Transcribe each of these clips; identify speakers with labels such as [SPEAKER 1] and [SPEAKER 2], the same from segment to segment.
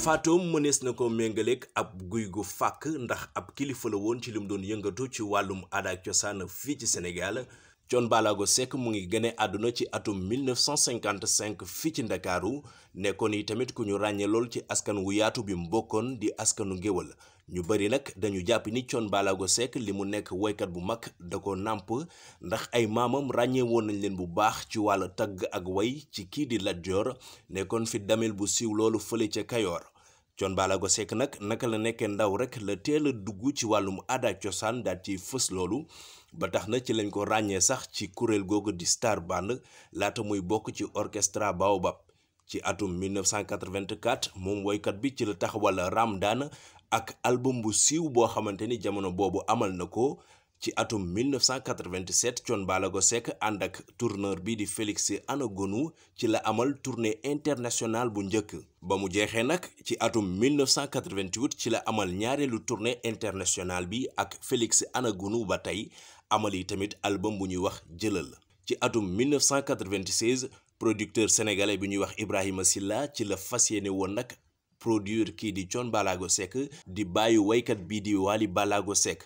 [SPEAKER 1] faatoom mënees na ko méngaleeg ab guy gu fàkk ndax ab kilifa la woon ci li mu doon yëngatu ci wàllum aada ak cosaan fii ci Sénégal Thione Ballago Seck mu ngi gëne àdduna ci atum 1955 fii ci Ndakaaru nekkoon yi tamit ku ñu ràññee lool ci askan wu yaatu bi mu bokkoon di askanu géwël ñu bëri nag dañu jàpp ni Thione Ballago Seck li mu nekk woykat bu mag da ko nàmp ndax ay maamam ràññee woon nañ leen bu baax ci wàll tagg ak way ci kii di Lat Joor nekkoon fi damel bu siiw loolu fële ca Kayoor Thione Ballago Seck nag naka la nekkee ndaw rek la teel a dugg ci wàllum aada cosaan daal ci fës loolu ba tax na ci lañ ko ràññee sax ci kuréel googu di Star Band laata muy bokk ci orchestra ba ci atum 1984 moom woykat bi ci la taxawal Ramdan ak album bu siiw boo xamante ni jamono boobu amal na ko ci atum 1987 Thione Ballago Seck ànd ak tourneur bii di Félix Anagonu ci la amal tournée internationale bu njëkk ba mu jeexee nag ci atum 1988 ci la amal ñaareelu tournée internationale bi ak Félix Anagonu ba tey amal yi tamit album bu ñuy wax jëlal ci atum 1996 producteur sénégalais bi ñuy wax Ibrahima Silla ci la fas yéene woon nag produire kii di Thione Ballago Seck di bàyyi waykat bii di Wally Ballago Seck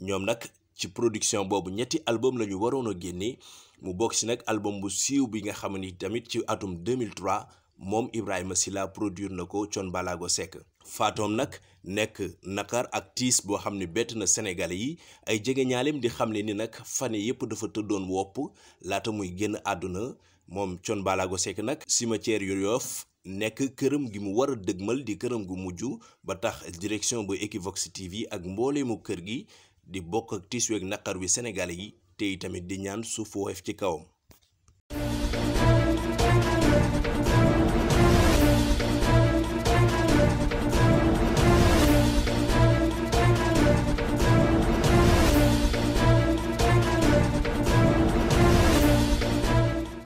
[SPEAKER 1] ñoom nag ci production boobu ñetti album la ñu waroon a génne mu bokk si nag album bu siiw bi nga xam ni tamit ci atum 2003 moom Ibrahima Silla produire na ko Thione Ballago Seck faatoom nag nekk naqar ak tiis boo xam ne bett na senegal yi ay jege ñaaleem di xam ne ni nag fane yëpp dafa tëddoon wopp laata muy génn àdduna moom Thione Ballago Seck nag cimetière yu Yoff nekk këram gi mu war a dëgmal di këram gu mujj ba tax direction bu Equivox TV ak mbooleemu kër gi di bokk ak tiis weeg naqar wi Sénégalais yi te itamit di ñaan suuf woyof ci kawam.